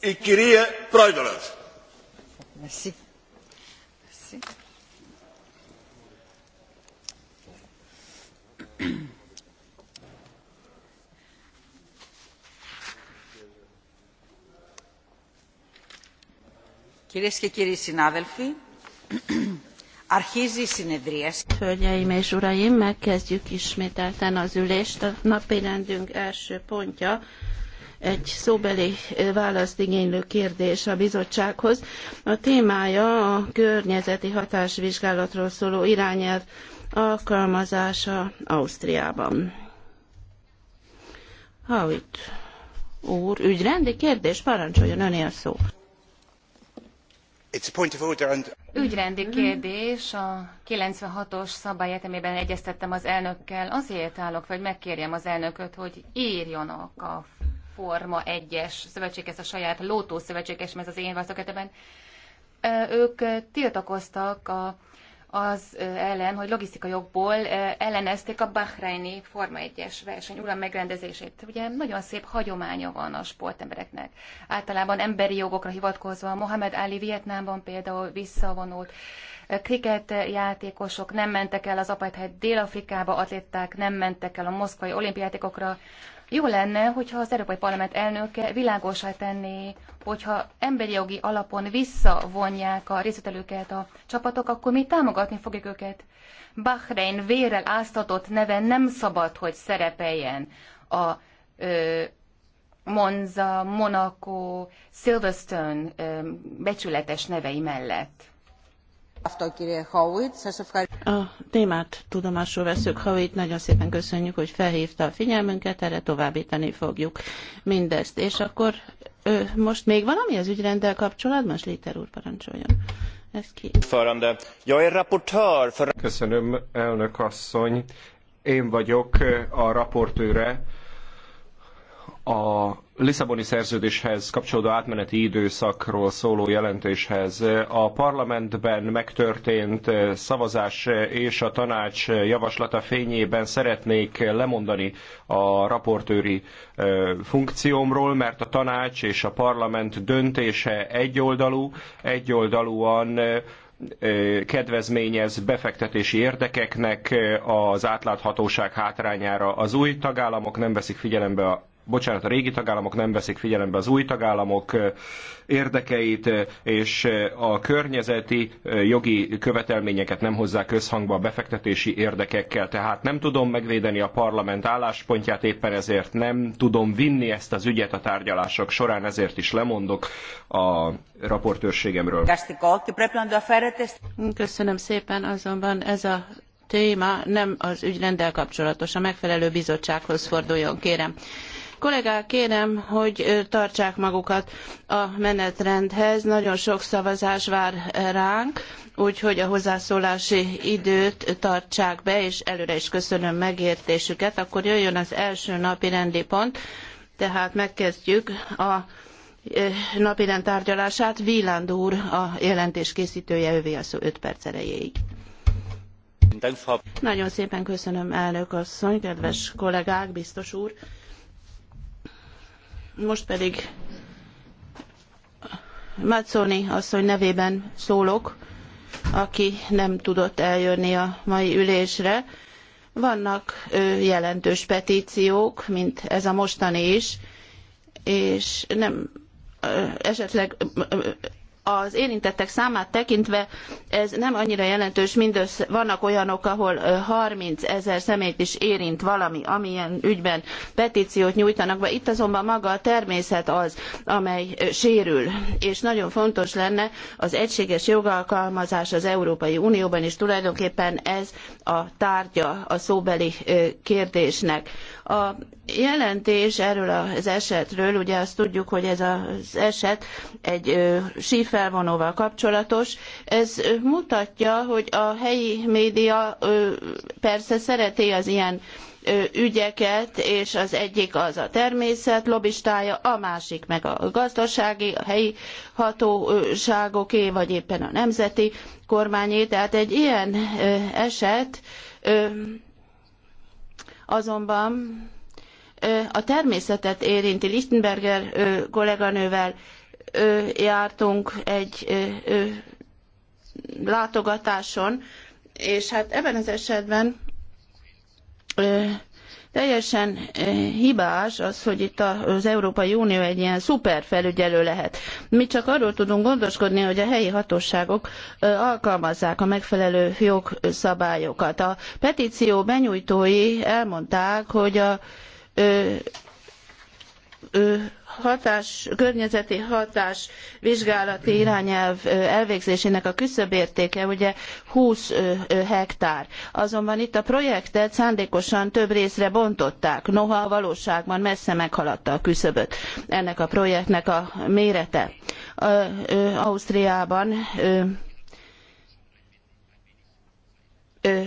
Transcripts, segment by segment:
Κυρίες και κύριοι συνάδελφοι, αρχίζει η συνεδρίαση. Hölgyeim és uraim, megkezdjük ismételten az ülést. A napirendünk első pontja egy szóbeli választ igénylő kérdés a bizottsághoz. A témája a környezeti hatásvizsgálatról szóló irányelv alkalmazása Ausztriában. Howitt úr, ügyrendi kérdés, parancsoljon öné a szó. Ügyrendi kérdés, a 96-os szabály értelmében egyeztettem az elnökkel, azért állok, hogy megkérjem az elnököt, hogy írjonok a Forma egyes szövetséges szövetséghez, a saját Lótó szövetséges, mert az én választókertemben, ők tiltakoztak a, az ellen, hogy logisztikai jogból ellenezték a Bahreini Forma 1-es verseny uram megrendezését. Ugye nagyon szép hagyománya van a sportembereknek. Általában emberi jogokra hivatkozva, Mohamed Ali Vietnámban például visszavonult, kriket játékosok nem mentek el az apartheid Dél-Afrikába, atléták nem mentek el a moszkvai olimpiátékokra, jó lenne, hogyha az Európai Parlament elnöke világosá tenné, hogyha emberi jogi alapon visszavonják a részvételőket a csapatok, akkor mi támogatni fogjuk őket. Bahrein vérrel áztatott neve nem szabad, hogy szerepeljen a ö, Monza, Monaco, Silverstone ö, becsületes nevei mellett. A témát tudomásul veszük. Howitt, nagyon szépen köszönjük, hogy felhvta a figyelmünket, erre továbbtani fogjuk mindezt. És akkor ö, most még valami az ügyrenddel kapcsolatban? Sliter úr, parancsoljon. Ez ki. Köszönöm, elnök asszony. Én vagyok a raportőre a Lisszaboni szerződéshez kapcsolódó átmeneti időszakról szóló jelentéshez. A parlamentben megtörtént szavazás és a tanács javaslata fényében szeretnék lemondani a raportőri funkciómról, mert a tanács és a parlament döntése egyoldalú, egyoldalúan kedvezményez befektetési érdekeknek az átláthatóság hátrányára. Az új tagállamok nem veszik figyelembe a bocsánat, a régi tagállamok nem veszik figyelembe az új tagállamok érdekeit, és a környezeti jogi követelményeket nem hozzák összhangba a befektetési érdekekkel. Tehát nem tudom megvédeni a parlament álláspontját, éppen ezért nem tudom vinni ezt az ügyet a tárgyalások során, ezért is lemondok a raportőrségemről. Köszönöm szépen, azonban ez a téma nem az ügyrendel kapcsolatos. A megfelelő bizottsághoz forduljon, kérem. Kollégák, kérem, hogy tartsák magukat a menetrendhez. Nagyon sok szavazás vár ránk, úgyhogy a hozzászólási időt tartsák be, és előre is köszönöm megértésüket. Akkor jöjjön az első napi rendi pont, tehát megkezdjük a napirend tárgyalását. Víland úr, a jelentés készítője, ővé a szó 5 perc erejéig. Nagyon szépen köszönöm, elnök asszony, kedves kollégák, biztos úr. Most pedig Mazzoni asszony nevében szólok, aki nem tudott eljönni a mai ülésre. Vannak jelentős petíciók, mint ez a mostani is, és nem esetleg az érintettek számát tekintve ez nem annyira jelentős, mindössze vannak olyanok, ahol 30 ezer személyt is érint valami, amilyen ügyben petíciót nyújtanak be. Itt azonban maga a természet az, amely sérül, és nagyon fontos lenne az egységes jogalkalmazás az Európai Unióban, és tulajdonképpen ez a tárgya a szóbeli kérdésnek. A jelentés erről az esetről, ugye azt tudjuk, hogy ez az eset egy sífer felvonóval kapcsolatos. Ez mutatja, hogy a helyi média persze szereti az ilyen ügyeket, és az egyik az a természet lobbistája, a másik meg a gazdasági, a helyi hatóságoké, vagy éppen a nemzeti kormányé. Tehát egy ilyen eset azonban a természetet érinti. Lichtenberger kolléganővel jártunk egy látogatáson, és hát ebben az esetben teljesen hibás az, hogy itt az Európai Unió egy ilyen szuper felügyelő lehet. Mi csak arról tudunk gondoskodni, hogy a helyi hatóságok alkalmazzák a megfelelő jogszabályokat. A petíció benyújtói elmondták, hogy a hatás, környezeti hatás vizsgálati irányelv elvégzésének a küszöbértéke ugye 20 hektár. Azonban itt a projektet szándékosan több részre bontották, noha a valóságban messze meghaladta a küszöböt ennek a projektnek a mérete. Ausztriában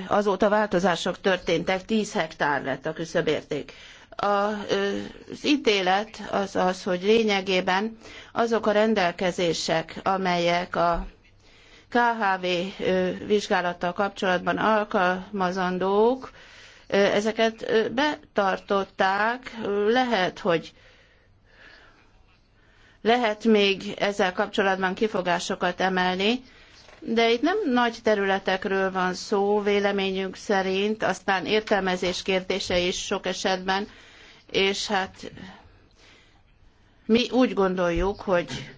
azóta változások történtek, 10 hektár lett a küszöbérték az ítélet az az, hogy lényegében azok a rendelkezések, amelyek a KHV vizsgálattal kapcsolatban alkalmazandók, ezeket betartották, lehet, hogy lehet még ezzel kapcsolatban kifogásokat emelni, de itt nem nagy területekről van szó véleményünk szerint, aztán értelmezés kérdése is sok esetben, és hát mi úgy gondoljuk, hogy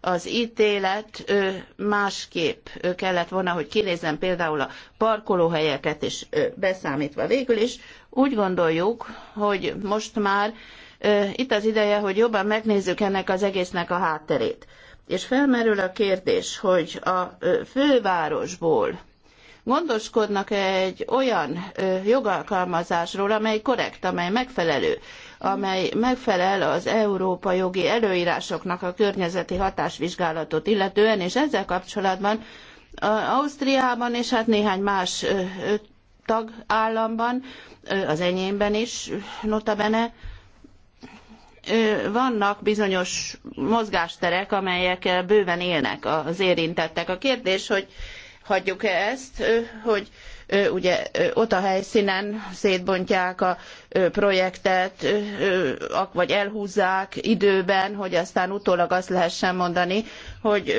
az ítélet másképp kellett volna, hogy kinézzen például a parkolóhelyeket is beszámítva végül is. Úgy gondoljuk, hogy most már itt az ideje, hogy jobban megnézzük ennek az egésznek a hátterét. És felmerül a kérdés, hogy a fővárosból gondoskodnak -e egy olyan jogalkalmazásról, amely korrekt, amely megfelelő, amely megfelel az Európa jogi előírásoknak a környezeti hatásvizsgálatot illetően, és ezzel kapcsolatban Ausztriában és hát néhány más tagállamban, az enyémben is notabene, vannak bizonyos mozgásterek, amelyekkel bőven élnek az érintettek. A kérdés, hogy hagyjuk-e ezt, hogy ugye ott a helyszínen szétbontják a projektet, vagy elhúzzák időben, hogy aztán utólag azt lehessen mondani, hogy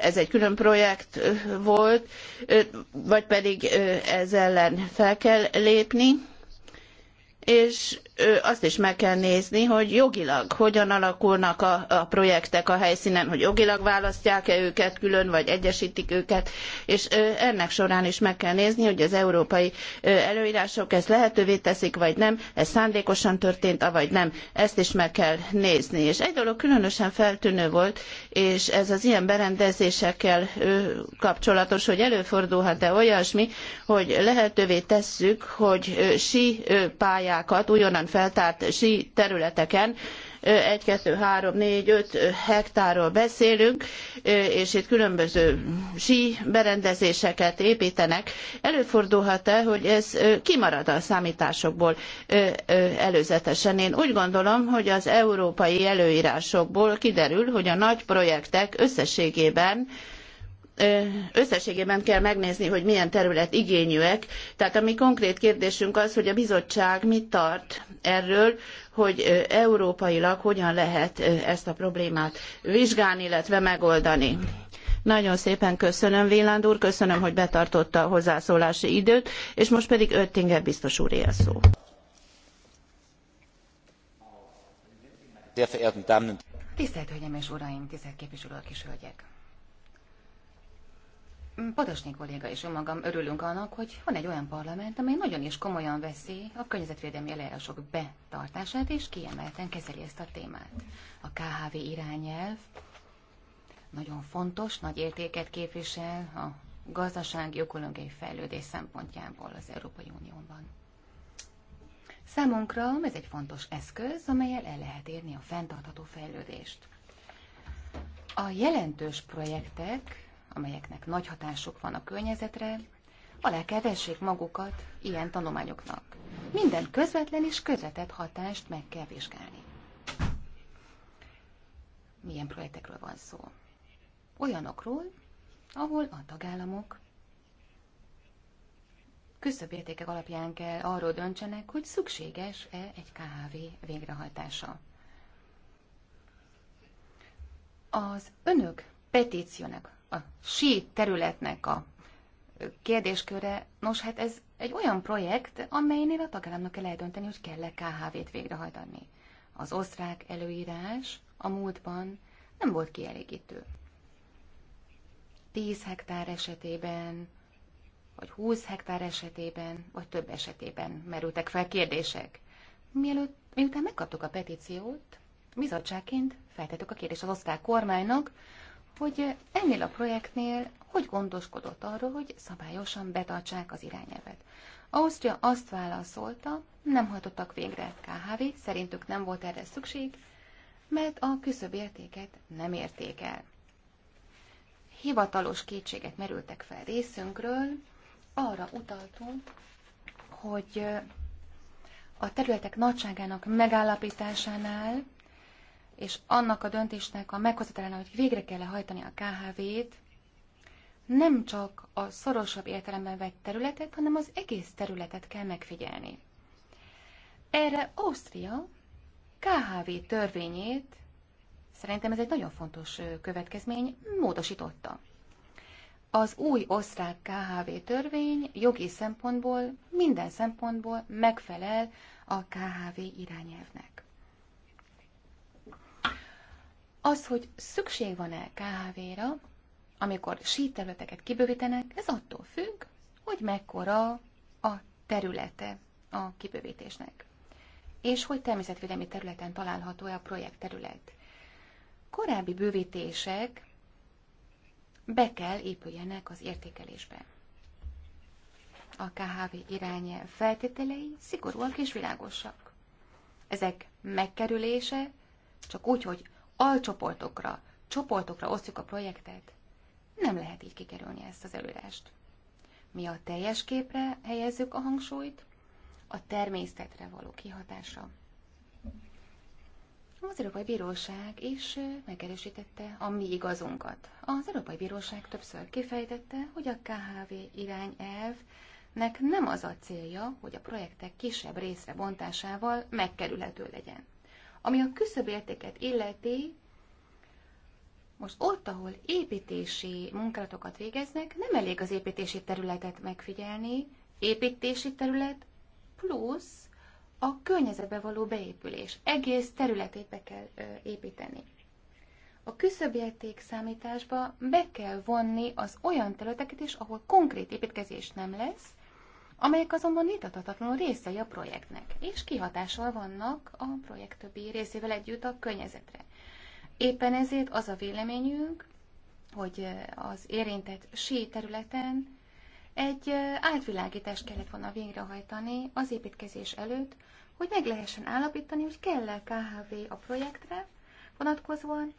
ez egy külön projekt volt, vagy pedig ez ellen fel kell lépni. És azt is meg kell nézni, hogy jogilag hogyan alakulnak a, a projektek a helyszínen, hogy jogilag választják-e őket külön, vagy egyesítik őket, és ennek során is meg kell nézni, hogy az európai előírások ezt lehetővé teszik, vagy nem, ez szándékosan történt, avagy nem, ezt is meg kell nézni. És egy dolog különösen feltűnő volt, és ez az ilyen berendezésekkel kapcsolatos, hogy előfordulhat-e olyasmi, hogy lehetővé tesszük, hogy sí pályákat újonnan feltárt sí területeken, 1, 2, 3, 4, 5 hektárról beszélünk, és itt különböző sí berendezéseket építenek. Előfordulhat-e, hogy ez kimarad a számításokból előzetesen? Én úgy gondolom, hogy az európai előírásokból kiderül, hogy a nagy projektek összességében összességében kell megnézni, hogy milyen terület igényűek. Tehát a mi konkrét kérdésünk az, hogy a bizottság mit tart erről, hogy európailag hogyan lehet ezt a problémát vizsgálni, illetve megoldani. Nagyon szépen köszönöm, Véland úr, köszönöm, hogy betartotta a hozzászólási időt, és most pedig Öttinger biztos úr él szó. Tisztelt Hölgyeim és Uraim, tisztelt képviselők és hölgyek! Podosnyi kolléga és én magam örülünk annak, hogy van egy olyan parlament, amely nagyon is komolyan veszi a környezetvédelmi előírások betartását, és kiemelten kezeli ezt a témát. A KHV irányelv nagyon fontos, nagy értéket képvisel a gazdasági, ökológiai fejlődés szempontjából az Európai Unióban. Számunkra ez egy fontos eszköz, amelyel el lehet érni a fenntartható fejlődést. A jelentős projektek amelyeknek nagy hatásuk van a környezetre, alá kell vessék magukat ilyen tanulmányoknak. Minden közvetlen és közvetett hatást meg kell vizsgálni. Milyen projektekről van szó? Olyanokról, ahol a tagállamok küszöbértékek alapján kell arról döntsenek, hogy szükséges-e egy KHV végrehajtása. Az önök petíciónak a sí területnek a kérdésköre, nos hát ez egy olyan projekt, amelynél a tagállamnak kell eldönteni, hogy kell-e KHV-t végrehajtani. Az osztrák előírás a múltban nem volt kielégítő. 10 hektár esetében, vagy 20 hektár esetében, vagy több esetében merültek fel kérdések. Mielőtt, miután megkaptuk a petíciót, bizottságként feltettük a kérdést az osztrák kormánynak, hogy ennél a projektnél hogy gondoskodott arról, hogy szabályosan betartsák az irányelvet. Ausztria azt válaszolta, nem hajtottak végre KHV, szerintük nem volt erre szükség, mert a értéket nem érték el. Hivatalos kétséget merültek fel részünkről, arra utaltunk, hogy a területek nagyságának megállapításánál és annak a döntésnek a meghozatalána, hogy végre kell -e hajtani a KHV-t, nem csak a szorosabb értelemben vett területet, hanem az egész területet kell megfigyelni. Erre Ausztria KHV törvényét, szerintem ez egy nagyon fontos következmény, módosította. Az új osztrák KHV törvény jogi szempontból, minden szempontból megfelel a KHV irányelvnek. Az, hogy szükség van-e kávéra, amikor síterületeket kibővítenek, ez attól függ, hogy mekkora a területe a kibővítésnek, és hogy természetvédelmi területen található-e a projekt terület. Korábbi bővítések be kell épüljenek az értékelésbe. A KHV irányelv feltételei szigorúak és világosak. Ezek megkerülése csak úgy, hogy alcsoportokra, csoportokra osztjuk a projektet, nem lehet így kikerülni ezt az előrást. Mi a teljes képre helyezzük a hangsúlyt, a természetre való kihatása. Az Európai Bíróság is megerősítette a mi igazunkat. Az Európai Bíróság többször kifejtette, hogy a KHV irányelvnek nem az a célja, hogy a projektek kisebb részre bontásával megkerülhető legyen. Ami a küszöbértéket illeti, most ott, ahol építési munkálatokat végeznek, nem elég az építési területet megfigyelni, építési terület plusz a környezetbe való beépülés. Egész területét be kell ö, építeni. A küszöbérték számításba be kell vonni az olyan területeket is, ahol konkrét építkezés nem lesz, amelyek azonban vitathatatlanul részei a projektnek, és kihatással vannak a projekt többi részével együtt a környezetre. Éppen ezért az a véleményünk, hogy az érintett sí területen egy átvilágítást kellett volna végrehajtani az építkezés előtt, hogy meg lehessen állapítani, hogy kell-e KHV a projektre vonatkozóan,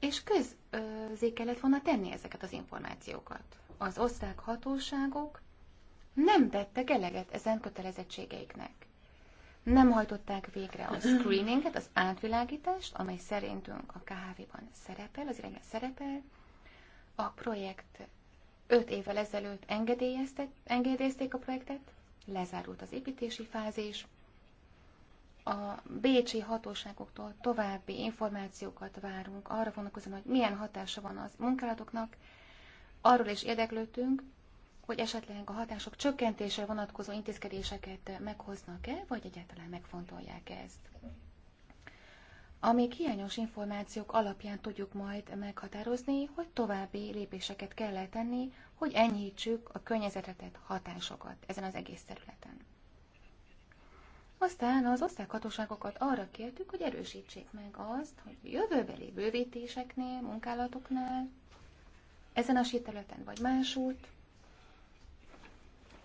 és közzé kellett volna tenni ezeket az információkat. Az osztrák hatóságok nem tettek eleget ezen kötelezettségeiknek. Nem hajtották végre a screeninget, az átvilágítást, amely szerintünk a KHV-ban szerepel, az irányban szerepel. A projekt 5 évvel ezelőtt engedélyezték a projektet, lezárult az építési fázis, a bécsi hatóságoktól további információkat várunk arra vonatkozóan, hogy milyen hatása van az munkálatoknak. Arról is érdeklődtünk, hogy esetleg a hatások csökkentése vonatkozó intézkedéseket meghoznak-e, vagy egyáltalán megfontolják ezt. Amíg hiányos információk alapján tudjuk majd meghatározni, hogy további lépéseket kell -e tenni, hogy enyhítsük a környezetetet hatásokat ezen az egész területen. Aztán az osztályhatóságokat arra kértük, hogy erősítsék meg azt, hogy jövőbeli bővítéseknél, munkálatoknál, ezen a síterületen vagy másút,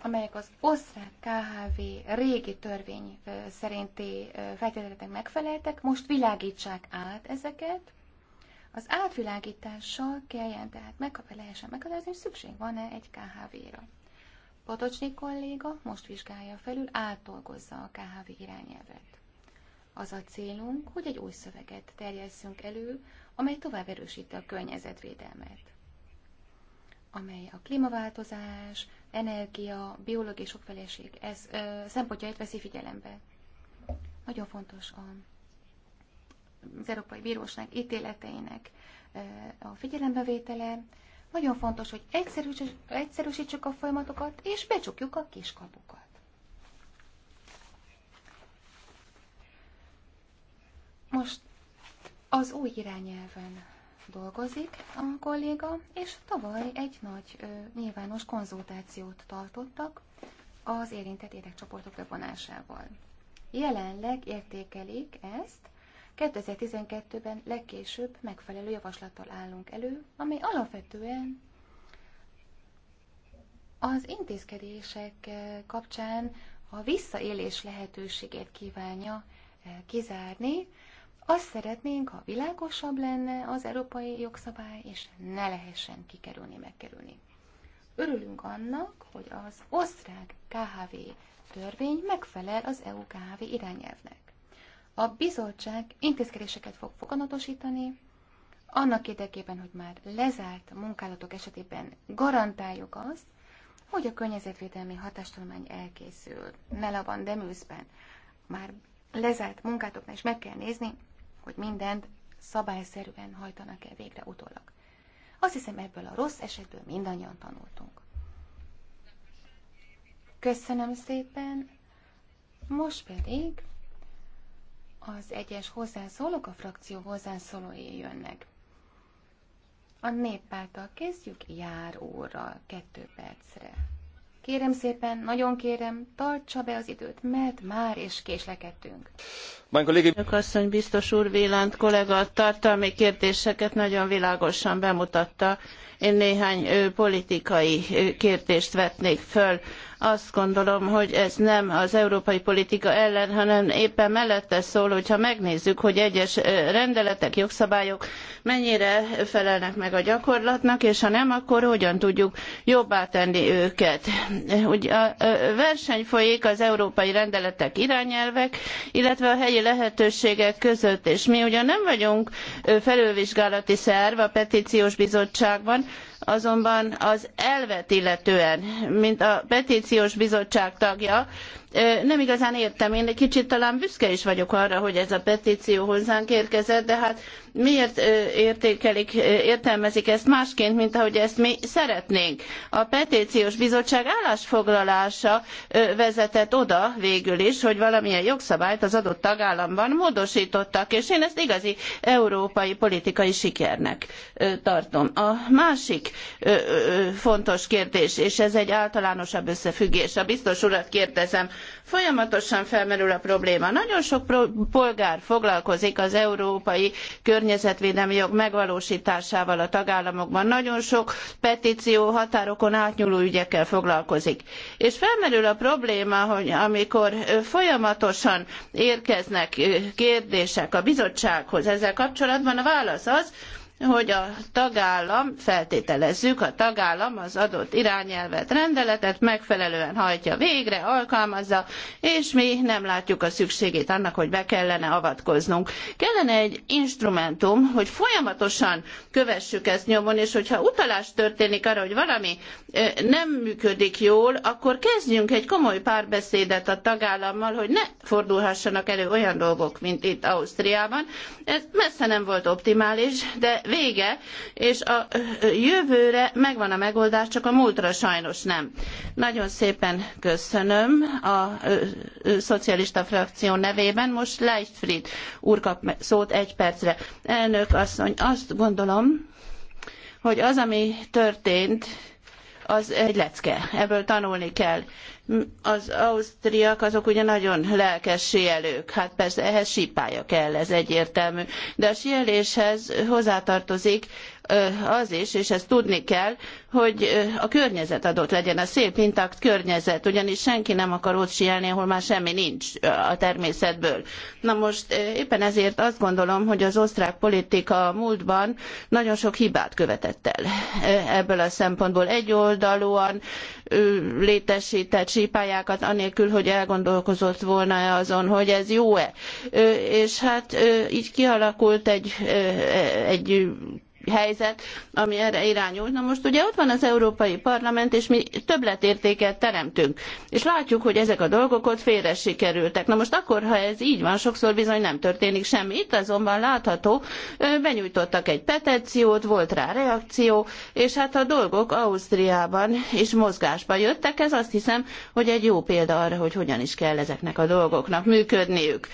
amelyek az osztrák KHV régi törvény szerinti feltételeknek megfeleltek, most világítsák át ezeket. Az átvilágítással kelljen tehát meg, lehessen meghatározni, hogy szükség van-e egy KHV-ra. Potocsnyi kolléga most vizsgálja felül, átolgozza a KHV irányelvet. Az a célunk, hogy egy új szöveget terjesszünk elő, amely tovább erősíti a környezetvédelmet, amely a klímaváltozás, energia, biológiai sokfeleség ez, ö, szempontjait veszi figyelembe. Nagyon fontos a, az Európai Bíróság ítéleteinek ö, a figyelembevétele. Nagyon fontos, hogy egyszerűs, egyszerűsítsük a folyamatokat, és becsukjuk a kiskapukat. Most az új irányelven dolgozik a kolléga, és tavaly egy nagy ö, nyilvános konzultációt tartottak az érintett érdekcsoportok bevonásával. Jelenleg értékelik ezt, 2012-ben legkésőbb megfelelő javaslattal állunk elő, ami alapvetően az intézkedések kapcsán a visszaélés lehetőségét kívánja kizárni, azt szeretnénk, ha világosabb lenne az európai jogszabály, és ne lehessen kikerülni, megkerülni. Örülünk annak, hogy az osztrák KHV törvény megfelel az EU KHV irányelvnek. A bizottság intézkedéseket fog foganatosítani, annak érdekében, hogy már lezárt munkálatok esetében garantáljuk azt, hogy a környezetvédelmi hatástudomány elkészül Melában, Deműzben, már lezárt munkátoknál is meg kell nézni, hogy mindent szabályszerűen hajtanak el végre utólag. Azt hiszem, ebből a rossz esetből mindannyian tanultunk. Köszönöm szépen! Most pedig az egyes hozzászólók, a frakció hozzászólói jönnek. A néppártal kezdjük jár óra, kettő percre. Kérem szépen, nagyon kérem, tartsa be az időt, mert már is késlekedtünk. Elnök asszony, biztos úr Véland kollega a tartalmi kérdéseket nagyon világosan bemutatta. Én néhány politikai kérdést vetnék föl azt gondolom, hogy ez nem az európai politika ellen, hanem éppen mellette szól, hogyha megnézzük, hogy egyes rendeletek, jogszabályok mennyire felelnek meg a gyakorlatnak, és ha nem, akkor hogyan tudjuk jobbá tenni őket. Ugye a verseny folyik az európai rendeletek irányelvek, illetve a helyi lehetőségek között, és mi ugyan nem vagyunk felülvizsgálati szerv a petíciós bizottságban, azonban az elvet illetően, mint a petciós bizottság tagja, nem igazán értem, én egy kicsit talán büszke is vagyok arra, hogy ez a petíció hozzánk érkezett, de hát miért értékelik, értelmezik ezt másként, mint ahogy ezt mi szeretnénk. A petíciós bizottság állásfoglalása vezetett oda végül is, hogy valamilyen jogszabályt az adott tagállamban módosítottak, és én ezt igazi európai politikai sikernek tartom. A másik fontos kérdés, és ez egy általánosabb összefüggés, a biztos urat kérdezem, folyamatosan felmerül a probléma. Nagyon sok polgár foglalkozik az európai környezetvédelmi jog megvalósításával a tagállamokban. Nagyon sok petíció határokon átnyúló ügyekkel foglalkozik. És felmerül a probléma, hogy amikor folyamatosan érkeznek kérdések a bizottsághoz ezzel kapcsolatban, a válasz az, hogy a tagállam, feltételezzük, a tagállam az adott irányelvet, rendeletet megfelelően hajtja végre, alkalmazza, és mi nem látjuk a szükségét annak, hogy be kellene avatkoznunk. Kellene egy instrumentum, hogy folyamatosan kövessük ezt nyomon, és hogyha utalás történik arra, hogy valami nem működik jól, akkor kezdjünk egy komoly párbeszédet a tagállammal, hogy ne fordulhassanak elő olyan dolgok, mint itt Ausztriában. Ez messze nem volt optimális, de vége, és a jövőre megvan a megoldás, csak a múltra sajnos nem. Nagyon szépen köszönöm a szocialista frakció nevében. Most Leichtfried úr kap szót egy percre. Elnök asszony, azt gondolom, hogy az, ami történt, az egy lecke. Ebből tanulni kell. Az ausztriak azok ugye nagyon lelkes síelők, hát persze ehhez sípája kell, ez egyértelmű. De a síeléshez hozzátartozik az is, és ezt tudni kell, hogy a környezet adott legyen, a szép intakt környezet, ugyanis senki nem akar ott sielni, ahol már semmi nincs a természetből. Na most éppen ezért azt gondolom, hogy az osztrák politika a múltban nagyon sok hibát követett el ebből a szempontból. Egyoldalúan létesített sípályákat, anélkül, hogy elgondolkozott volna -e azon, hogy ez jó-e. És hát így kialakult egy, egy helyzet, ami erre irányul. Na most ugye ott van az Európai Parlament, és mi többletértéket teremtünk. És látjuk, hogy ezek a dolgok ott félre sikerültek. Na most akkor, ha ez így van, sokszor bizony nem történik semmi. Itt azonban látható, benyújtottak egy petíciót, volt rá reakció, és hát a dolgok Ausztriában is mozgásba jöttek. Ez azt hiszem, hogy egy jó példa arra, hogy hogyan is kell ezeknek a dolgoknak működniük.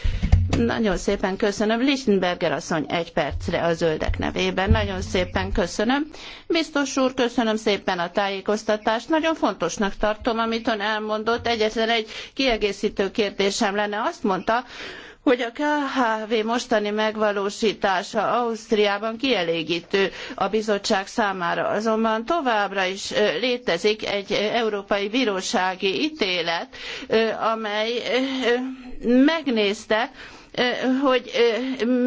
Nagyon szépen köszönöm. Lichtenberger asszony egy percre a zöldek nevében. Nagyon nagyon szépen köszönöm. Biztos úr, köszönöm szépen a tájékoztatást. Nagyon fontosnak tartom, amit ön elmondott. Egyetlen egy kiegészítő kérdésem lenne. Azt mondta, hogy a KHV mostani megvalósítása Ausztriában kielégítő a bizottság számára. Azonban továbbra is létezik egy európai bírósági ítélet, amely megnézte, hogy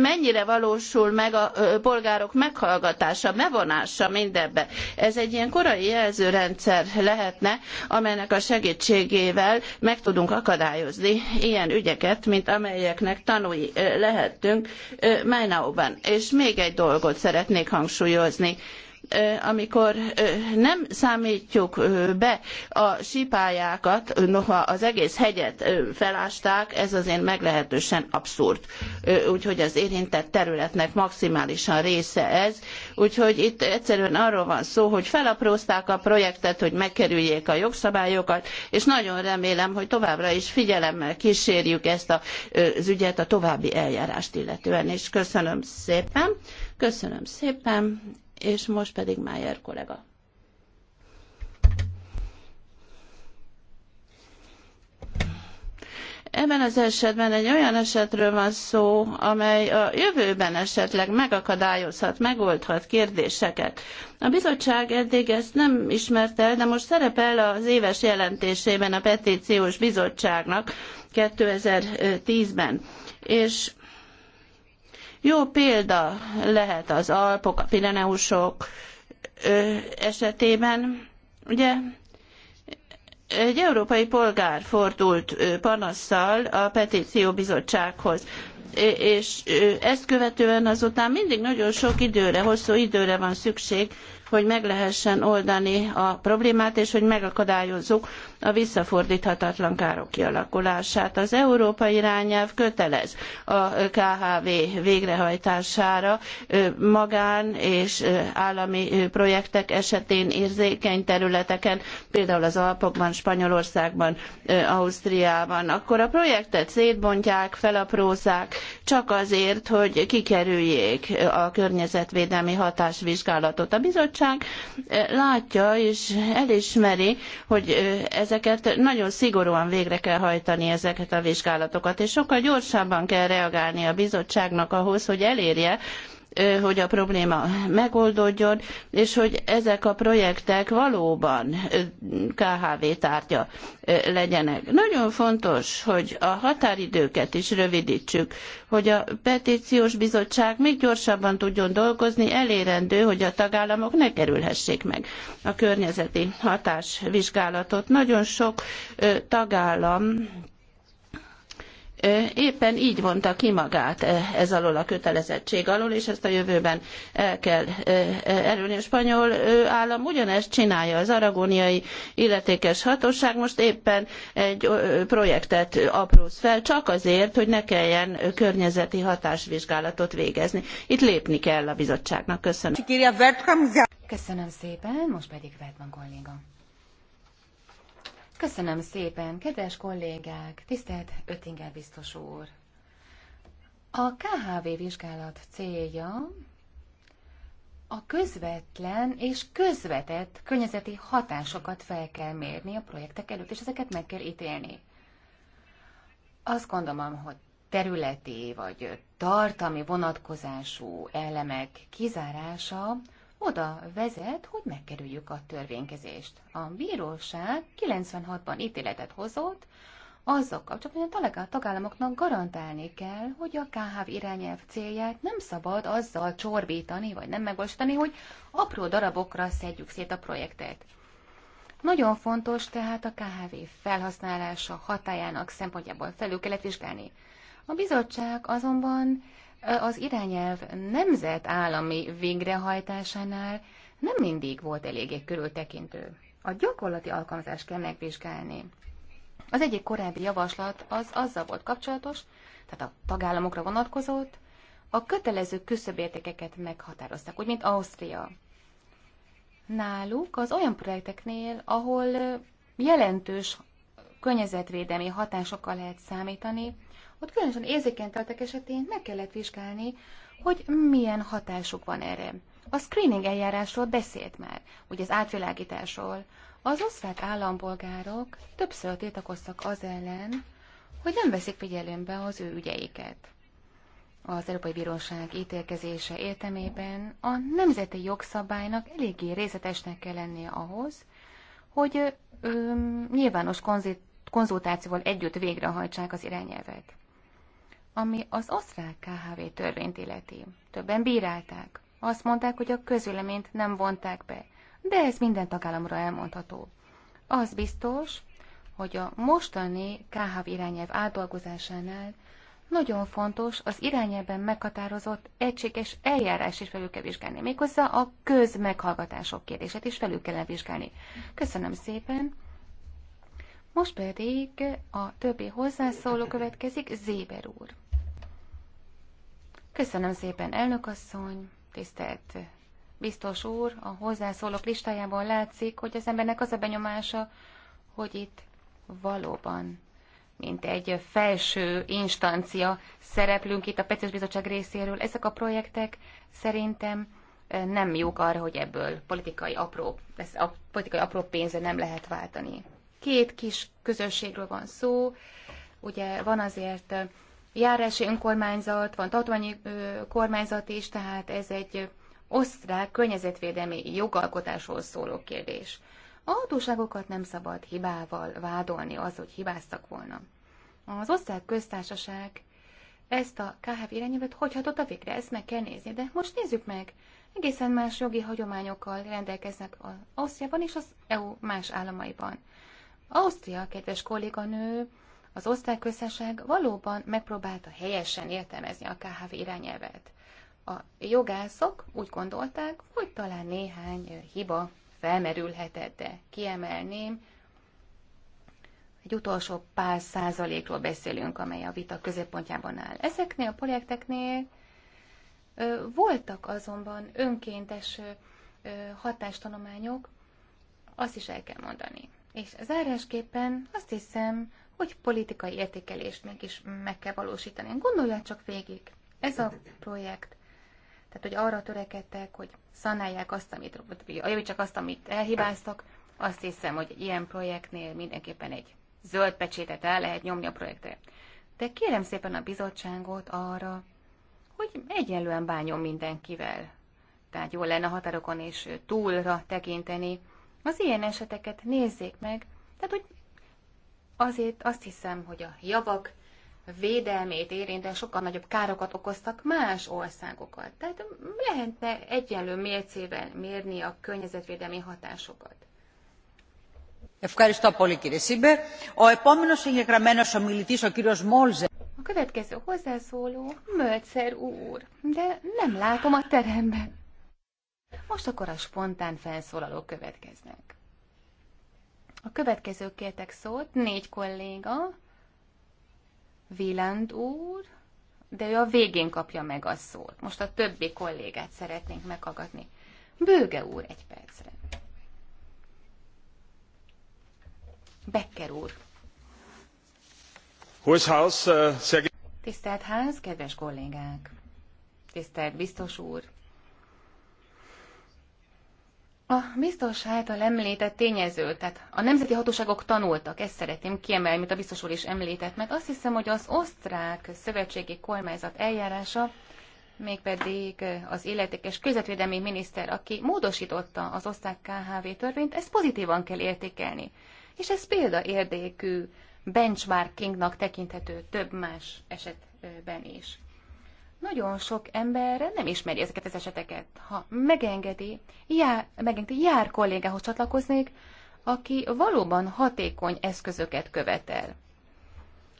mennyire valósul meg a polgárok meghallgatása, bevonása mindebbe. Ez egy ilyen korai jelzőrendszer lehetne, amelynek a segítségével meg tudunk akadályozni ilyen ügyeket, mint amelyeknek tanúi lehettünk Mainauban. És még egy dolgot szeretnék hangsúlyozni amikor nem számítjuk be a sípályákat, noha az egész hegyet felásták, ez azért meglehetősen abszurd. Úgyhogy az érintett területnek maximálisan része ez. Úgyhogy itt egyszerűen arról van szó, hogy felaprózták a projektet, hogy megkerüljék a jogszabályokat, és nagyon remélem, hogy továbbra is figyelemmel kísérjük ezt az ügyet a további eljárást illetően. És köszönöm szépen. Köszönöm szépen és most pedig Májer kollega. Ebben az esetben egy olyan esetről van szó, amely a jövőben esetleg megakadályozhat, megoldhat kérdéseket. A bizottság eddig ezt nem ismert el, de most szerepel az éves jelentésében a petíciós bizottságnak 2010-ben. És jó példa lehet az Alpok, a Pireneusok esetében. Ugye egy európai polgár fordult panasszal a petíció bizottsághoz és ezt követően azután mindig nagyon sok időre, hosszú időre van szükség, hogy meg lehessen oldani a problémát, és hogy megakadályozzuk, a visszafordíthatatlan károk kialakulását. Az európai irányelv kötelez a KHV végrehajtására magán és állami projektek esetén érzékeny területeken, például az Alpokban, Spanyolországban, Ausztriában. Akkor a projektet szétbontják, felaprózzák, csak azért, hogy kikerüljék a környezetvédelmi hatásvizsgálatot. A bizottság látja és elismeri, hogy ez ezeket nagyon szigorúan végre kell hajtani ezeket a vizsgálatokat, és sokkal gyorsabban kell reagálni a bizottságnak ahhoz, hogy elérje hogy a probléma megoldódjon, és hogy ezek a projektek valóban KHV tárgya legyenek. Nagyon fontos, hogy a határidőket is rövidítsük, hogy a petíciós bizottság még gyorsabban tudjon dolgozni, elérendő, hogy a tagállamok ne kerülhessék meg a környezeti hatásvizsgálatot. Nagyon sok tagállam éppen így vonta ki magát ez alól a kötelezettség alól, és ezt a jövőben el kell erülni. A spanyol állam ugyanezt csinálja az aragóniai illetékes hatóság, most éppen egy projektet apróz fel, csak azért, hogy ne kelljen környezeti hatásvizsgálatot végezni. Itt lépni kell a bizottságnak. Köszönöm. Köszönöm szépen, most pedig Vertman kolléga. Köszönöm szépen, kedves kollégák, tisztelt Öttinger biztos úr! A KHV vizsgálat célja a közvetlen és közvetett környezeti hatásokat fel kell mérni a projektek előtt, és ezeket meg kell ítélni. Azt gondolom, hogy területi vagy tartalmi vonatkozású elemek kizárása oda vezet, hogy megkerüljük a törvénykezést. A bíróság 96-ban ítéletet hozott, azzal kapcsolatban, hogy a tagállamoknak garantálni kell, hogy a KHV irányelv célját nem szabad azzal csorbítani, vagy nem megvalósítani, hogy apró darabokra szedjük szét a projektet. Nagyon fontos tehát a KHV felhasználása hatájának szempontjából felül kellett vizsgálni. A bizottság azonban az irányelv nemzetállami végrehajtásánál nem mindig volt eléggé körültekintő. A gyakorlati alkalmazást kell megvizsgálni. Az egyik korábbi javaslat az azzal volt kapcsolatos, tehát a tagállamokra vonatkozott, a kötelező küszöbértékeket meghatározták, úgy mint Ausztria. Náluk az olyan projekteknél, ahol jelentős környezetvédelmi hatásokkal lehet számítani, ott különösen érzékeny tartak esetén meg kellett vizsgálni, hogy milyen hatásuk van erre. A screening eljárásról beszélt már, ugye az átvilágításról. Az osztrák állampolgárok többször tiltakoztak az ellen, hogy nem veszik figyelembe az ő ügyeiket. Az Európai Bíróság ítélkezése értemében a nemzeti jogszabálynak eléggé részletesnek kell lennie ahhoz, hogy ö, nyilvános konzultációval együtt végrehajtsák az irányelvet ami az osztrák KHV törvényt illeti. Többen bírálták. Azt mondták, hogy a közüleményt nem vonták be, de ez minden tagállamra elmondható. Az biztos, hogy a mostani KHV irányelv átdolgozásánál nagyon fontos az irányelben meghatározott egységes eljárás is felül kell vizsgálni, méghozzá a közmeghallgatások kérdését is felül kellene vizsgálni. Köszönöm szépen! Most pedig a többi hozzászóló következik, Zéber úr. Köszönöm szépen, elnök asszony, tisztelt biztos úr, a hozzászólók listájában látszik, hogy az embernek az a benyomása, hogy itt valóban mint egy felső instancia szereplünk itt a Petíciós Bizottság részéről. Ezek a projektek szerintem eh, nem jók arra, hogy ebből politikai apró, a politikai apró pénze nem lehet váltani. Két kis közösségről van szó, ugye van azért eh, járási önkormányzat, van tartományi kormányzat is, tehát ez egy osztrák környezetvédelmi jogalkotásról szóló kérdés. A hatóságokat nem szabad hibával vádolni az, hogy hibáztak volna. Az osztrák köztársaság ezt a KHV irányelvet hogy a végre, ezt meg kell nézni, de most nézzük meg. Egészen más jogi hagyományokkal rendelkeznek az Ausztriában és az EU más államaiban. Ausztria, kedves kolléganő, az osztályközösség valóban megpróbálta helyesen értelmezni a KHV irányelvet. A jogászok úgy gondolták, hogy talán néhány hiba felmerülhetett, de kiemelném, egy utolsó pár százalékról beszélünk, amely a vita középpontjában áll. Ezeknél a projekteknél ö, voltak azonban önkéntes ö, hatástanományok, azt is el kell mondani. És zárásképpen azt hiszem, hogy politikai értékelést mégis meg kell valósítani. Gondolják csak végig, ez a projekt, tehát hogy arra törekedtek, hogy szanálják azt, amit csak azt, amit elhibáztak, azt hiszem, hogy egy ilyen projektnél mindenképpen egy zöld pecsétet el lehet nyomni a projektre. De kérem szépen a bizottságot arra, hogy egyenlően bánjon mindenkivel. Tehát jól lenne határokon és túlra tekinteni. Az ilyen eseteket nézzék meg, tehát hogy azért azt hiszem, hogy a javak védelmét érintően sokkal nagyobb károkat okoztak más országokat. Tehát lehetne egyenlő mércével mérni a környezetvédelmi hatásokat. Ευχαριστώ πολύ κύριε Σίμπερ. Ο επόμενος συγγεγραμμένος ομιλητής, ο A következő hozzászóló Mölcer úr, de nem látom a teremben. Most akkor a spontán felszólalók következnek. A következők kértek szót, négy kolléga, Viland úr, de ő a végén kapja meg a szót. Most a többi kollégát szeretnénk meghallgatni. Bőge úr, egy percre. Becker úr. Uh, Tisztelt ház, kedves kollégák! Tisztelt biztos úr! A biztos által említett tényező, tehát a nemzeti hatóságok tanultak, ezt szeretném kiemelni, mint a biztos úr is említett, mert azt hiszem, hogy az osztrák szövetségi kormányzat eljárása, mégpedig az életékes közvetvédelmi miniszter, aki módosította az osztrák KHV törvényt, ezt pozitívan kell értékelni. És ez példaértékű benchmarkingnak tekinthető több más esetben is. Nagyon sok ember nem ismeri ezeket az eseteket. Ha megengedi, jár, megengedi, jár kollégához csatlakoznék, aki valóban hatékony eszközöket követel,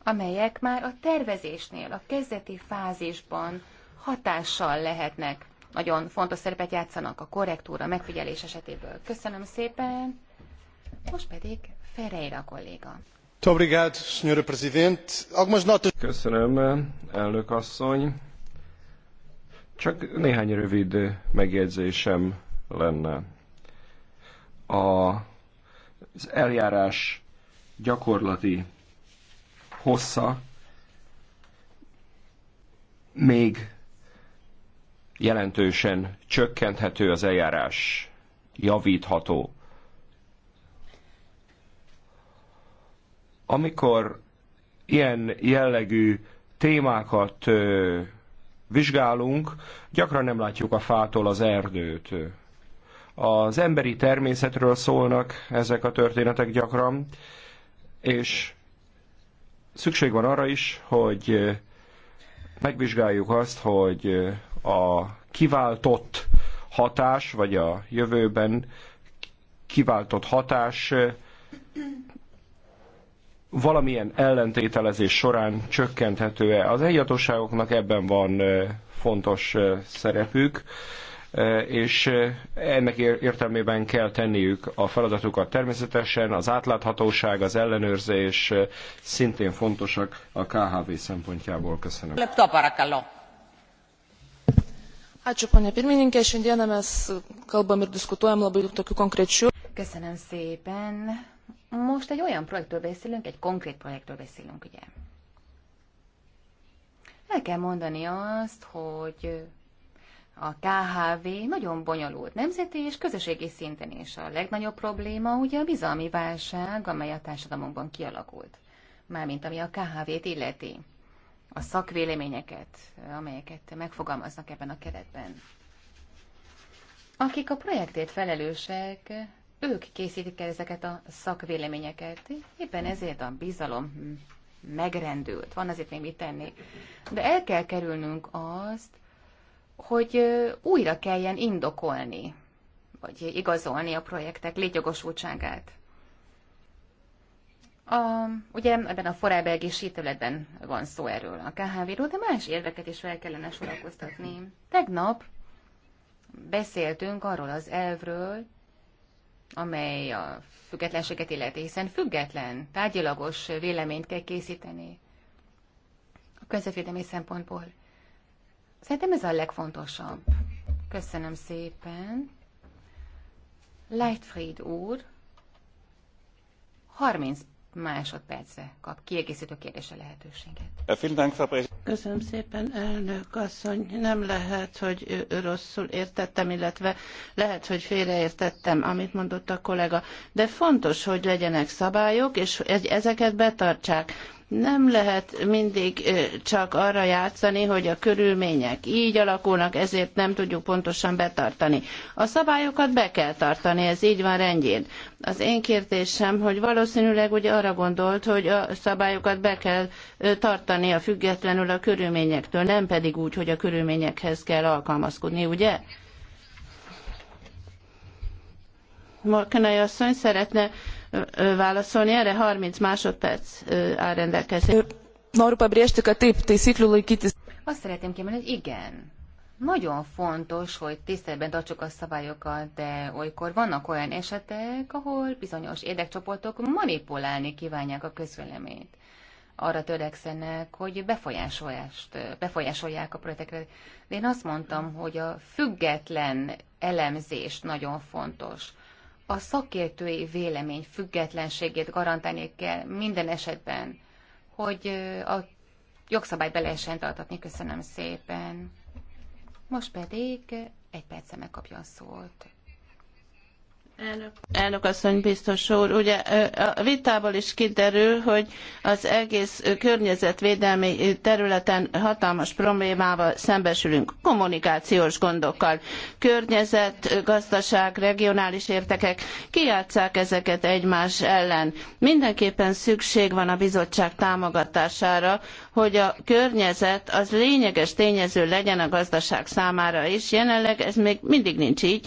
amelyek már a tervezésnél, a kezdeti fázisban hatással lehetnek. Nagyon fontos szerepet játszanak a korrektúra, megfigyelés esetéből. Köszönöm szépen. Most pedig Ferreira kolléga. Köszönöm, elnök asszony. Csak néhány rövid megjegyzésem lenne. A, az eljárás gyakorlati hossza még jelentősen csökkenthető az eljárás, javítható. Amikor ilyen jellegű témákat vizsgálunk, gyakran nem látjuk a fától az erdőt. Az emberi természetről szólnak ezek a történetek gyakran, és szükség van arra is, hogy megvizsgáljuk azt, hogy a kiváltott hatás, vagy a jövőben kiváltott hatás valamilyen ellentételezés során csökkenthető-e. Az elhatóságoknak ebben van fontos szerepük, és ennek értelmében kell tenniük a feladatukat természetesen, az átláthatóság, az ellenőrzés szintén fontosak a KHV szempontjából. Köszönöm. Ačiū, ponia pirmininkė. Šiandieną mes kalbam ir diskutuojam labai daug tokių konkrečių. Köszönöm szépen most egy olyan projektről beszélünk, egy konkrét projektről beszélünk, ugye. El kell mondani azt, hogy a KHV nagyon bonyolult nemzeti és közösségi szinten is. A legnagyobb probléma ugye a bizalmi válság, amely a társadalomban kialakult. Mármint ami a KHV-t illeti. A szakvéleményeket, amelyeket megfogalmaznak ebben a keretben. Akik a projektét felelősek, ők készítik el ezeket a szakvéleményeket. Éppen ezért a bizalom megrendült. Van azért még mit tenni. De el kell kerülnünk azt, hogy újra kelljen indokolni, vagy igazolni a projektek létjogosultságát. A, ugye ebben a forábelgi sítőletben van szó erről a KHV-ról, de más érveket is fel kellene sorakoztatni. Tegnap beszéltünk arról az elvről, amely a függetlenséget illeti, hiszen független, tárgyalagos véleményt kell készíteni a közvetvédelmi szempontból. Szerintem ez a legfontosabb. Köszönöm szépen. Leitfried úr, 30 másodpercre kap kiegészítő kérdése lehetőséget. Köszönöm szépen, elnök asszony. Nem lehet, hogy rosszul értettem, illetve lehet, hogy félreértettem, amit mondott a kollega, de fontos, hogy legyenek szabályok, és ezeket betartsák nem lehet mindig csak arra játszani, hogy a körülmények így alakulnak, ezért nem tudjuk pontosan betartani. A szabályokat be kell tartani, ez így van rendjén. Az én kérdésem, hogy valószínűleg ugye arra gondolt, hogy a szabályokat be kell tartani a függetlenül a körülményektől, nem pedig úgy, hogy a körülményekhez kell alkalmazkodni, ugye? Markanai asszony szeretne válaszolni erre, 30 másodperc áll rendelkezésre. Noriu pabrėžti, kad taip, taisyklių laikytis. Azt szeretném kiemelni, hogy igen, nagyon fontos, hogy tiszteletben tartsuk a szabályokat, de olykor vannak olyan esetek, ahol bizonyos érdekcsoportok manipulálni kívánják a közvéleményt. Arra törekszenek, hogy befolyásolást, befolyásolják a projektekre. De én azt mondtam, hogy a független elemzés nagyon fontos a szakértői vélemény függetlenségét garantálni kell minden esetben, hogy a jogszabály be lehessen tartatni. Köszönöm szépen. Most pedig egy percet megkapja a szót. Elnök. asszony, biztos úr, ugye a vitából is kiderül, hogy az egész környezetvédelmi területen hatalmas problémával szembesülünk, kommunikációs gondokkal. Környezet, gazdaság, regionális értekek kijátszák ezeket egymás ellen. Mindenképpen szükség van a bizottság támogatására, hogy a környezet az lényeges tényező legyen a gazdaság számára is. Jelenleg ez még mindig nincs így.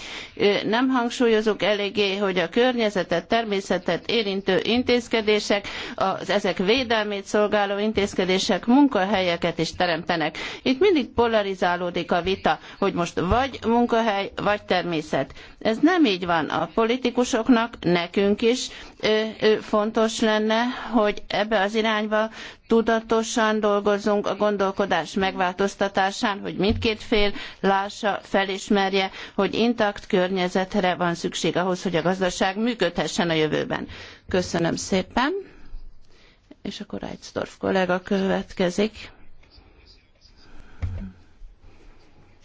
Nem hangsúlyozunk eléggé, hogy a környezetet, természetet érintő intézkedések, az ezek védelmét szolgáló intézkedések munkahelyeket is teremtenek. Itt mindig polarizálódik a vita, hogy most vagy munkahely, vagy természet. Ez nem így van. A politikusoknak, nekünk is fontos lenne, hogy ebbe az irányba tudatosan közösen dolgozzunk a gondolkodás megváltoztatásán, hogy mindkét fél lássa, felismerje, hogy intakt környezetre van szükség ahhoz, hogy a gazdaság működhessen a jövőben. Köszönöm szépen. És akkor Reitzdorf kollega következik.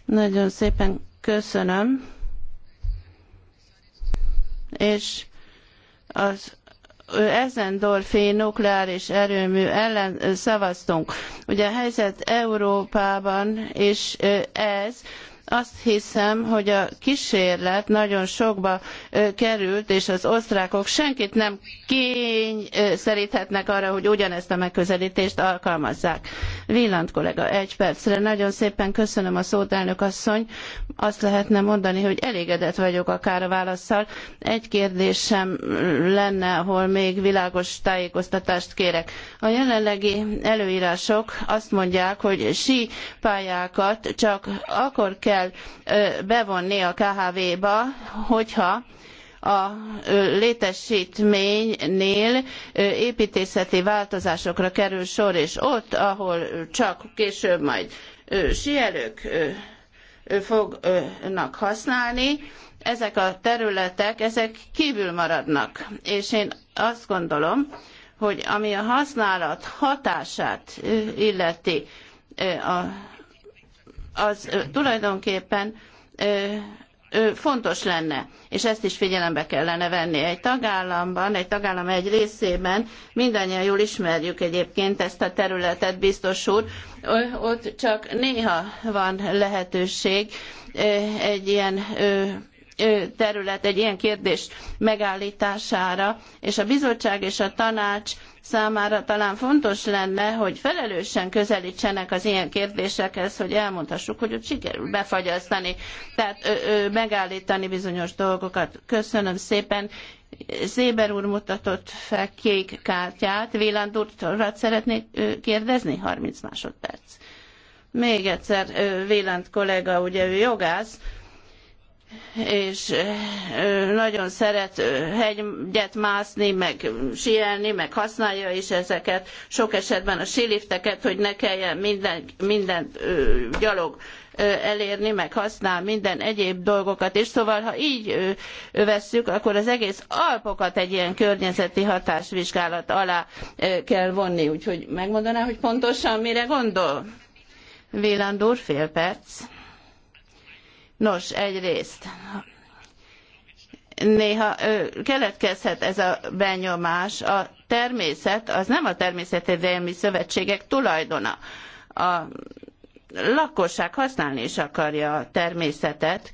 Nagyon szépen köszönöm. És az Essendorfi nukleáris erőmű ellen szavaztunk. Ugye a helyzet Európában, is ez azt hiszem, hogy a kísérlet nagyon sokba került, és az osztrákok senkit nem kényszeríthetnek arra, hogy ugyanezt a megközelítést alkalmazzák. Villant kollega, egy percre. Nagyon szépen köszönöm a szót, elnök asszony. Azt lehetne mondani, hogy elégedett vagyok akár a válaszsal. Egy kérdésem lenne, ahol még világos tájékoztatást kérek. A jelenlegi előírások azt mondják, hogy sípályákat csak akkor kell kell bevonni a KHV-ba, hogyha a létesítménynél építészeti változásokra kerül sor, és ott, ahol csak később majd sielők fognak használni, ezek a területek, ezek kívül maradnak. És én azt gondolom, hogy ami a használat hatását illeti a az tulajdonképpen fontos lenne, és ezt is figyelembe kellene venni. Egy tagállamban, egy tagállam egy részében, mindannyian jól ismerjük egyébként ezt a területet, biztos úr, ott csak néha van lehetőség egy ilyen terület egy ilyen kérdés megállítására, és a bizottság és a tanács számára talán fontos lenne, hogy felelősen közelítsenek az ilyen kérdésekhez, hogy elmondhassuk, hogy ott sikerül befagyasztani, tehát ö, ö, megállítani bizonyos dolgokat. Köszönöm szépen. Széber úr mutatott fel kék kártyát. Véland úrat szeretnék kérdezni? 30 másodperc. Még egyszer, Véland kollega, ugye ő jogász, és nagyon szeret hegyet mászni, meg sielni, meg használja is ezeket, sok esetben a sílifteket, hogy ne kelljen minden, mindent gyalog elérni, meg használ minden egyéb dolgokat is. Szóval, ha így vesszük, akkor az egész alpokat egy ilyen környezeti hatásvizsgálat alá kell vonni. Úgyhogy megmondaná, hogy pontosan mire gondol? Vélandúr, fél perc. Nos, egyrészt néha keletkezhet ez a benyomás, a természet az nem a természetvédelmi szövetségek tulajdona. A lakosság használni is akarja a természetet,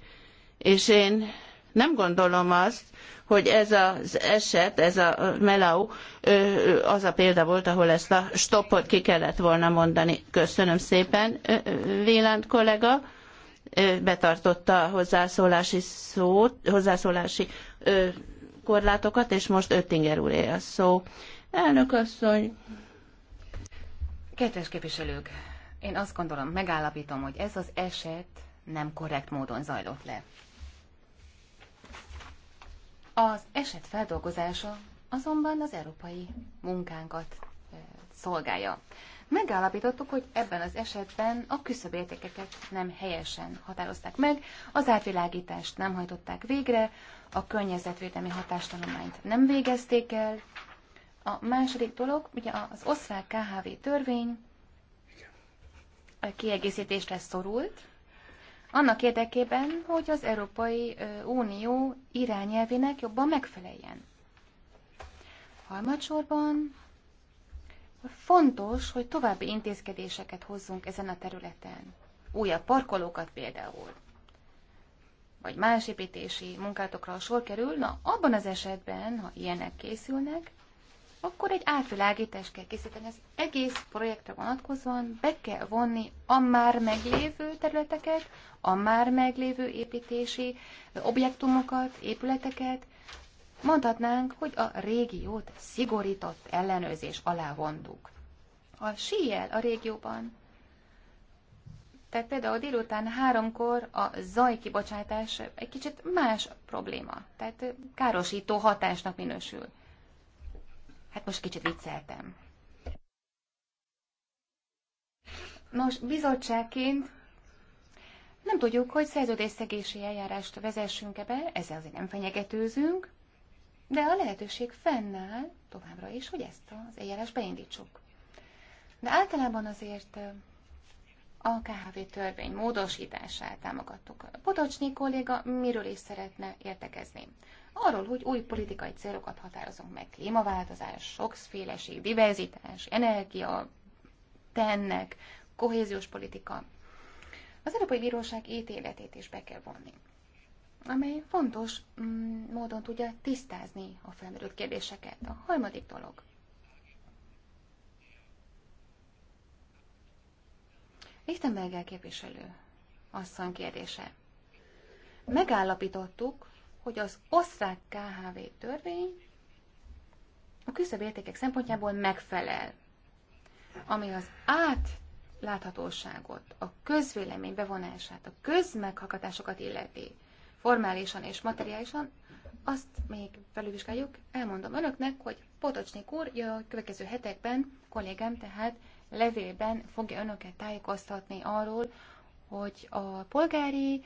és én nem gondolom azt, hogy ez az eset, ez a Melau, az a példa volt, ahol ezt a stoppot ki kellett volna mondani. Köszönöm szépen, Véland kollega betartotta a hozzászólási, szót, hozzászólási korlátokat, és most Öttinger úré a szó. Elnök asszony. Kedves képviselők, én azt gondolom, megállapítom, hogy ez az eset nem korrekt módon zajlott le. Az eset feldolgozása azonban az európai munkánkat szolgálja megállapítottuk, hogy ebben az esetben a küszöbértékeket nem helyesen határozták meg, az átvilágítást nem hajtották végre, a környezetvédelmi hatástanulmányt nem végezték el. A második dolog, ugye az osztrák KHV törvény kiegészítésre szorult, annak érdekében, hogy az Európai Unió irányelvének jobban megfeleljen. Harmadsorban Fontos, hogy további intézkedéseket hozzunk ezen a területen. Újabb parkolókat például, vagy más építési munkátokra sor kerül, na abban az esetben, ha ilyenek készülnek, akkor egy átvilágítást kell készíteni. Az egész projektre vonatkozóan be kell vonni a már meglévő területeket, a már meglévő építési objektumokat, épületeket, Mondhatnánk, hogy a régiót szigorított ellenőrzés alá vonduk. A síjjel a régióban tehát például délután háromkor a zajkibocsátás egy kicsit más probléma, tehát károsító hatásnak minősül. Hát most kicsit vicceltem. Nos, bizottságként nem tudjuk, hogy szerződésszegési eljárást vezessünk-e be, ezzel azért nem fenyegetőzünk, de a lehetőség fennáll továbbra is, hogy ezt az eljárást beindítsuk. De általában azért eh, a KHV törvény módosítását támogattuk. Potocsnyi kolléga miről is szeretne értekezni? Arról, hogy új politikai célokat határozunk meg, klímaváltozás, sokféleség, diverzitás, energia, tennek, kohéziós politika. Az Európai Bíróság ítéletét is be kell vonni amely fontos mm, módon tudja tisztázni a felmerült kérdéseket. A harmadik dolog. Lichtenberg képviselő asszony kérdése. Megállapítottuk, hogy az osztrák KHV törvény a értékek szempontjából megfelel, ami az átláthatóságot, a közvélemény bevonását, a közmeghakatásokat illeti formálisan és materiálisan, azt még felülvizsgáljuk. Elmondom önöknek, hogy Potocsnik úr a következő hetekben, kollégám tehát levélben fogja önöket tájékoztatni arról, hogy a polgári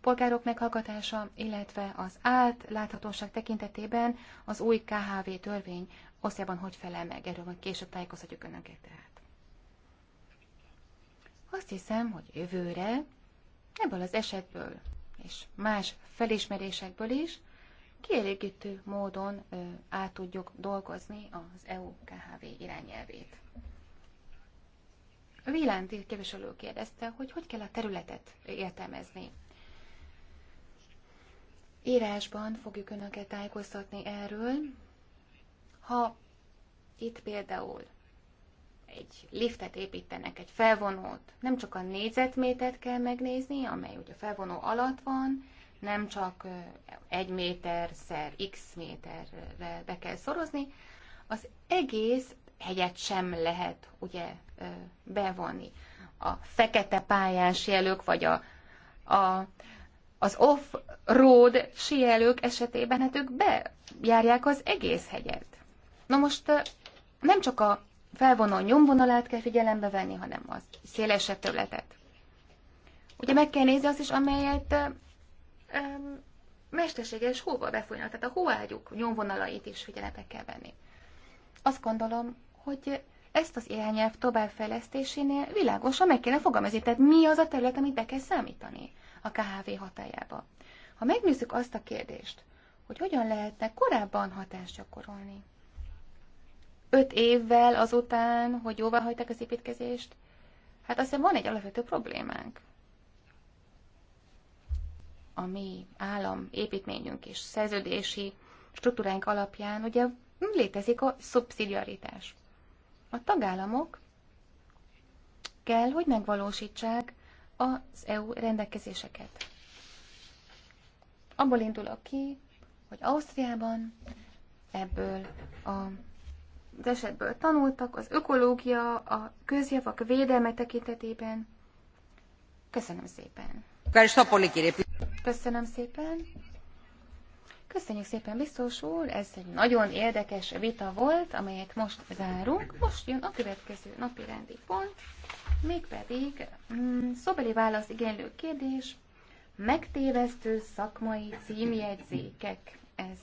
polgárok meghallgatása, illetve az átláthatóság tekintetében az új KHV törvény osztjában hogy felel meg. Erről majd később tájékoztatjuk önöket tehát. Azt hiszem, hogy jövőre ebből az esetből és más felismerésekből is kielégítő módon át tudjuk dolgozni az EU-KHV irányelvét. Vilánt képviselő kérdezte, hogy hogy kell a területet értelmezni. Írásban fogjuk Önöket tájékoztatni erről. Ha itt például egy liftet építenek, egy felvonót, nem csak a négyzetmétert kell megnézni, amely ugye a felvonó alatt van, nem csak egy méter szer x méterre be kell szorozni, az egész hegyet sem lehet ugye bevonni. A fekete pályás jelök, vagy a, a, az off-road sielők esetében, hát ők bejárják az egész hegyet. Na most nem csak a felvonó nyomvonalát kell figyelembe venni, hanem az szélesebb területet. Ugye meg kell nézni azt is, amelyet um, mesterséges hóval befolynak, tehát a hóágyuk nyomvonalait is figyelembe kell venni. Azt gondolom, hogy ezt az irányelv továbbfejlesztésénél világosan meg kéne fogalmazni, tehát mi az a terület, amit be kell számítani a KHV hatájába. Ha megnézzük azt a kérdést, hogy hogyan lehetne korábban hatást gyakorolni, öt évvel azután, hogy jóvá hagyták az építkezést, hát aztán van egy alapvető problémánk. A mi állam építményünk és szerződési struktúránk alapján ugye létezik a szubszidiaritás. A tagállamok kell, hogy megvalósítsák az EU rendelkezéseket. Abból indulok ki, hogy Ausztriában ebből a esetből tanultak, az ökológia, a közjavak védelme tekintetében. Köszönöm szépen! Köszönöm szépen! Köszönjük szépen, biztos úr! Ez egy nagyon érdekes vita volt, amelyet most zárunk. Most jön a következő napi rendi pont, mégpedig mm, szobeli válasz igénylő kérdés, megtévesztő szakmai címjegyzékek. Ez